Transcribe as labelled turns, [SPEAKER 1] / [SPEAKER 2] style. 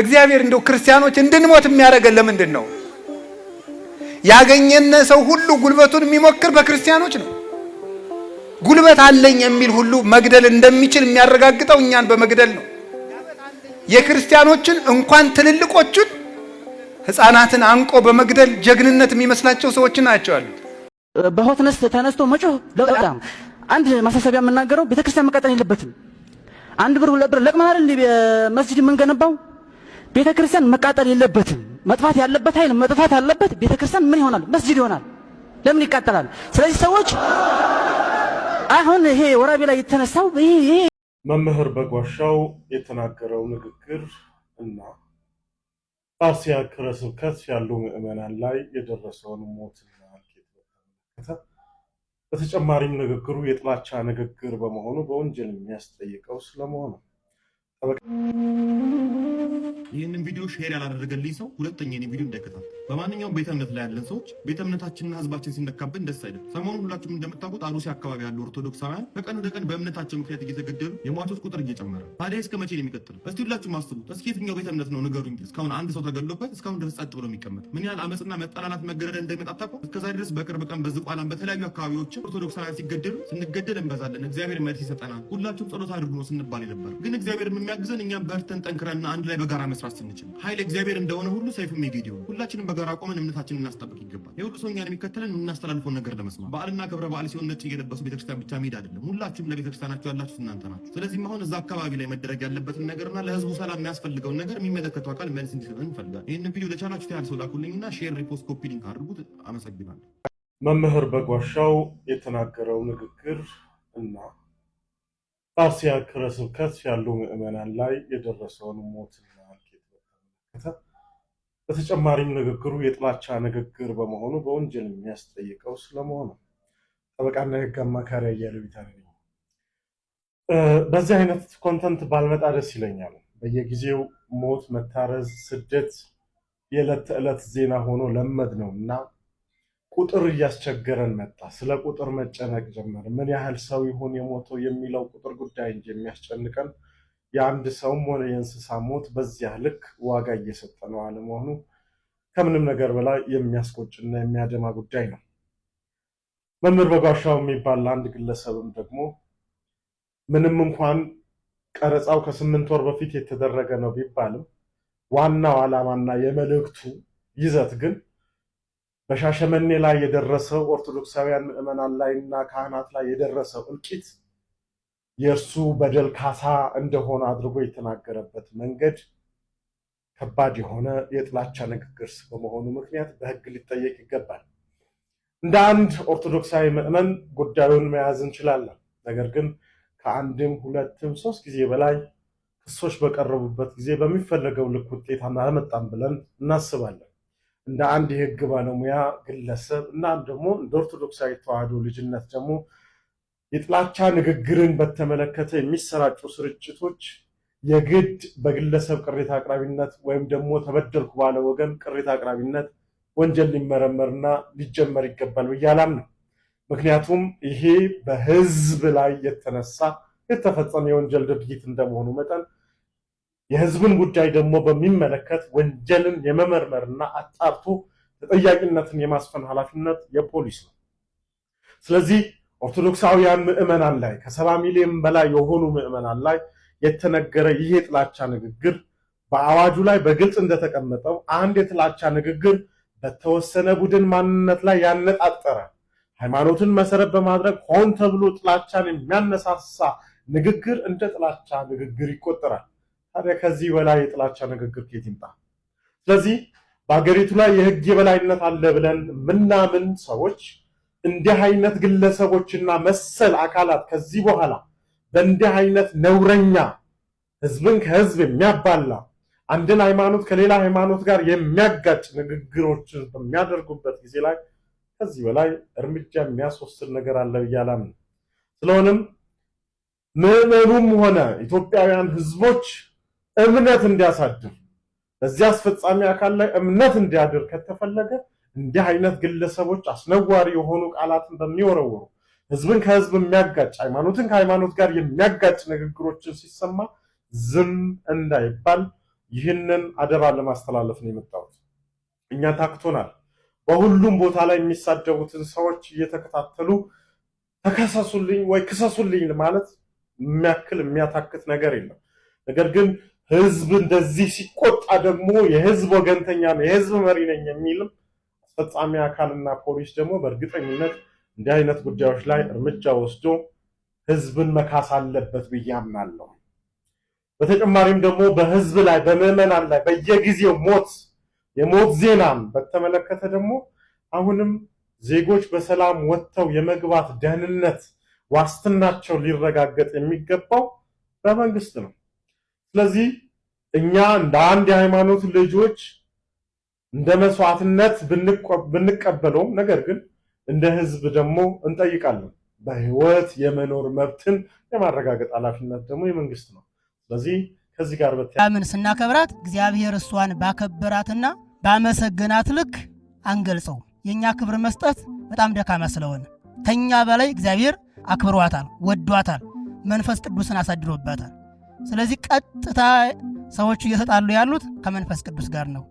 [SPEAKER 1] እግዚአብሔር እንደው ክርስቲያኖች እንድንሞት የሚያደርገን ለምንድን ነው? ያገኘነ ሰው ሁሉ ጉልበቱን የሚሞክር በክርስቲያኖች ነው። ጉልበት አለኝ የሚል ሁሉ መግደል እንደሚችል የሚያረጋግጠው እኛን በመግደል ነው። የክርስቲያኖችን እንኳን ትልልቆቹን ሕፃናትን አንቆ በመግደል ጀግንነት የሚመስላቸው ሰዎች ናቸው ያሉት።
[SPEAKER 2] በሆትነስ ተነስቶ መጮህ በጣም አንድ ማሳሰቢያ የምናገረው ቤተክርስቲያን መቃጠል የለበትም። አንድ ብር ሁለት ብር ለቅመናል እንዲህ መስጅድ የምንገነባው ቤተ ክርስቲያን መቃጠል የለበትም። መጥፋት ያለበት ኃይል መጥፋት አለበት። ቤተ ክርስቲያን ምን ይሆናል? መስጂድ ይሆናል። ለምን ይቃጠላል? ስለዚህ ሰዎች አሁን ይሄ ወራቤ ላይ የተነሳው ይሄ
[SPEAKER 3] መምህር በጓሻው የተናገረው ንግግር እና ፋሲካ ሀገረ ስብከት ያሉ ምዕመናን ላይ የደረሰውን ሞትና እልቂት በተመለከተ በተጨማሪም ንግግሩ የጥላቻ ንግግር በመሆኑ በወንጀል የሚያስጠይቀው ስለመሆኑ
[SPEAKER 4] ሼር ያላደረገልኝ ሰው ሁለተኛ የኔ ቪዲዮ እንዳይከታተል። በማንኛውም ቤተ እምነት ላይ ያለን ሰዎች ቤተ እምነታችንና ህዝባችን ሲነካብን ደስ አይልም። ሰሞኑን ሁላችሁም እንደምታውቁት አሩሲ አካባቢ ያሉ ኦርቶዶክሳውያን ከቀን ወደ ቀን በእምነታቸው ምክንያት እየተገደሉ የሟቾች ቁጥር እየጨመረ ታዲያ እስከ መቼ ነው የሚቀጥለው? እስቲ ሁላችሁም አስቡት። እስኪ የትኛው ቤተ እምነት ነው እንጂ እስካሁን አንድ ሰው ተገሎበት እስካሁን ድረስ ጸጥ ብሎ የሚቀመጥ ምን ያህል አመፅና መጠላላት መገረደ እንደሚመጣ እስከዛ ድረስ በቅርብ ቀን በዝቋላም በተለያዩ አካባቢዎችም ኦርቶዶክሳውያን ሲገደሉ ስንገደል እንበዛለን፣ እግዚአብሔር መልስ ይሰጠናል፣ ሁላችሁም ጸሎት አድርጉ ነው ስንባል ነበር። ግን እግዚአብሔር የሚያግዘን እኛም በርተን ጠንክረና አንድ ላይ በጋራ መስራት ስንችል ኃይል እግዚአብሔር እንደሆነ ሁሉ ሰይፉም የጌዴዎን ነው። ሁላችንም በጋራ ቆመን እምነታችንን እናስጠብቅ ይገባል። የሁሉ ሰው እኛን የሚከተለን የምናስተላልፈውን ነገር ለመስማት በዓልና ክብረ በዓል ሲሆን ነጭ እየለበሱ ቤተክርስቲያን ብቻ መሄድ አይደለም። ሁላችሁም ለቤተክርስቲያናችሁ ያላችሁት እናንተ ናችሁ። ስለዚህም አሁን እዛ አካባቢ ላይ መደረግ ያለበትን ነገርና ለህዝቡ ሰላም የሚያስፈልገውን ነገር የሚመለከተው አካል መልስ እንዲሰጠን ይፈልጋል። ይህን ቪዲዮ ለቻላችሁ ያህል ሰው ላኩልኝና ሼር፣ ሪፖስት፣ ኮፒ ሊንክ አድርጉት። አመሰግናለሁ።
[SPEAKER 3] መምህር በጓሻው የተናገረው ንግግር እና ጣርሲያ ክረ ስብከት ያሉ ምዕመናን ላይ የደረሰውን ሞትና በተመለከተ በተጨማሪም ንግግሩ የጥላቻ ንግግር በመሆኑ በወንጀል የሚያስጠይቀው ስለመሆኑ ጠበቃና የህግ አማካሪ አያሌው ነው። በዚህ አይነት ኮንተንት ባልመጣ ደስ ይለኛል። በየጊዜው ሞት፣ መታረዝ፣ ስደት የዕለት ተዕለት ዜና ሆኖ ለመድ ነው እና ቁጥር እያስቸገረን መጣ። ስለ ቁጥር መጨነቅ ጀመር። ምን ያህል ሰው ይሆን የሞተው የሚለው ቁጥር ጉዳይ እንጂ የሚያስጨንቀን የአንድ ሰውም ሆነ የእንስሳ ሞት በዚያ ልክ ዋጋ እየሰጠ ነው አለመሆኑ ከምንም ነገር በላይ የሚያስቆጭና የሚያደማ ጉዳይ ነው። መምህር በጓሻው የሚባል አንድ ግለሰብም ደግሞ ምንም እንኳን ቀረጻው ከስምንት ወር በፊት የተደረገ ነው ቢባልም ዋናው ዓላማና የመልእክቱ ይዘት ግን በሻሸመኔ ላይ የደረሰው ኦርቶዶክሳውያን ምዕመናን ላይና ካህናት ላይ የደረሰው እልቂት የእርሱ በደል ካሳ እንደሆነ አድርጎ የተናገረበት መንገድ ከባድ የሆነ የጥላቻ ንግግር በመሆኑ ምክንያት በሕግ ሊጠየቅ ይገባል። እንደ አንድ ኦርቶዶክሳዊ ምዕመን ጉዳዩን መያዝ እንችላለን። ነገር ግን ከአንድም ሁለትም ሶስት ጊዜ በላይ ክሶች በቀረቡበት ጊዜ በሚፈለገው ልክ ውጤት አላመጣም ብለን እናስባለን። እንደ አንድ የህግ ባለሙያ ግለሰብ እና ደግሞ እንደ ኦርቶዶክሳዊ ተዋህዶ ልጅነት ደግሞ የጥላቻ ንግግርን በተመለከተ የሚሰራጩ ስርጭቶች የግድ በግለሰብ ቅሬታ አቅራቢነት ወይም ደግሞ ተበደልኩ ባለ ወገን ቅሬታ አቅራቢነት ወንጀል ሊመረመርና ሊጀመር ይገባል ብዬ አላምንም። ምክንያቱም ይሄ በህዝብ ላይ የተነሳ የተፈጸመ የወንጀል ድርጊት እንደመሆኑ መጠን የህዝብን ጉዳይ ደግሞ በሚመለከት ወንጀልን የመመርመርና አጣርቶ ተጠያቂነትን የማስፈን ኃላፊነት የፖሊስ ነው። ስለዚህ ኦርቶዶክሳውያን ምዕመናን ላይ ከሰባ ሚሊዮን በላይ የሆኑ ምዕመናን ላይ የተነገረ ይህ የጥላቻ ንግግር በአዋጁ ላይ በግልጽ እንደተቀመጠው አንድ የጥላቻ ንግግር በተወሰነ ቡድን ማንነት ላይ ያነጣጠረ ሃይማኖትን መሰረት በማድረግ ሆን ተብሎ ጥላቻን የሚያነሳሳ ንግግር እንደ ጥላቻ ንግግር ይቆጠራል። ታዲያ ከዚህ በላይ የጥላቻ ንግግር ከየት ይምጣ? ስለዚህ በሀገሪቱ ላይ የህግ የበላይነት አለ ብለን ምናምን ሰዎች እንዲህ አይነት ግለሰቦችና መሰል አካላት ከዚህ በኋላ በእንዲህ አይነት ነውረኛ ህዝብን ከህዝብ የሚያባላ አንድን ሃይማኖት ከሌላ ሃይማኖት ጋር የሚያጋጭ ንግግሮችን በሚያደርጉበት ጊዜ ላይ ከዚህ በላይ እርምጃ የሚያስወስድ ነገር አለ ብዬ አላምንም። ስለሆነም ምዕመኑም ሆነ ኢትዮጵያውያን ህዝቦች እምነት እንዲያሳድር በዚህ አስፈጻሚ አካል ላይ እምነት እንዲያድር ከተፈለገ እንዲህ አይነት ግለሰቦች አስነዋሪ የሆኑ ቃላትን በሚወረውሩ ህዝብን ከህዝብ የሚያጋጭ ሃይማኖትን ከሃይማኖት ጋር የሚያጋጭ ንግግሮችን ሲሰማ ዝም እንዳይባል ይህንን አደራ ለማስተላለፍ ነው የመጣሁት። እኛ ታክቶናል። በሁሉም ቦታ ላይ የሚሳደቡትን ሰዎች እየተከታተሉ ተከሰሱልኝ ወይ ክሰሱልኝ ማለት የሚያክል የሚያታክት ነገር የለም። ነገር ግን ህዝብ እንደዚህ ሲቆጣ ደግሞ የህዝብ ወገንተኛ ነው የህዝብ መሪ ነኝ የሚልም አስፈጻሚ አካልና ፖሊስ ደግሞ በእርግጠኝነት እንዲህ አይነት ጉዳዮች ላይ እርምጃ ወስዶ ህዝብን መካስ አለበት ብዬ አምናለሁ። በተጨማሪም ደግሞ በህዝብ ላይ በምዕመናን ላይ በየጊዜው ሞት የሞት ዜናን በተመለከተ ደግሞ አሁንም ዜጎች በሰላም ወጥተው የመግባት ደህንነት ዋስትናቸው ሊረጋገጥ የሚገባው በመንግስት ነው። ስለዚህ እኛ እንደ አንድ የሃይማኖት ልጆች እንደ መስዋዕትነት ብንቀበለውም ነገር ግን እንደ ህዝብ ደግሞ እንጠይቃለን። በህይወት የመኖር መብትን የማረጋገጥ ኃላፊነት ደግሞ የመንግስት ነው። ስለዚህ ከዚህ ጋር
[SPEAKER 5] በምን ስናከብራት እግዚአብሔር እሷን ባከበራትና ባመሰገናት ልክ አንገልጸው። የእኛ ክብር መስጠት በጣም ደካማ ስለሆነ ከኛ በላይ እግዚአብሔር አክብሯታል፣ ወዷታል፣ መንፈስ ቅዱስን አሳድሮባታል። ስለዚህ ቀጥታ ሰዎቹ እየተጣሉ ያሉት ከመንፈስ ቅዱስ ጋር ነው።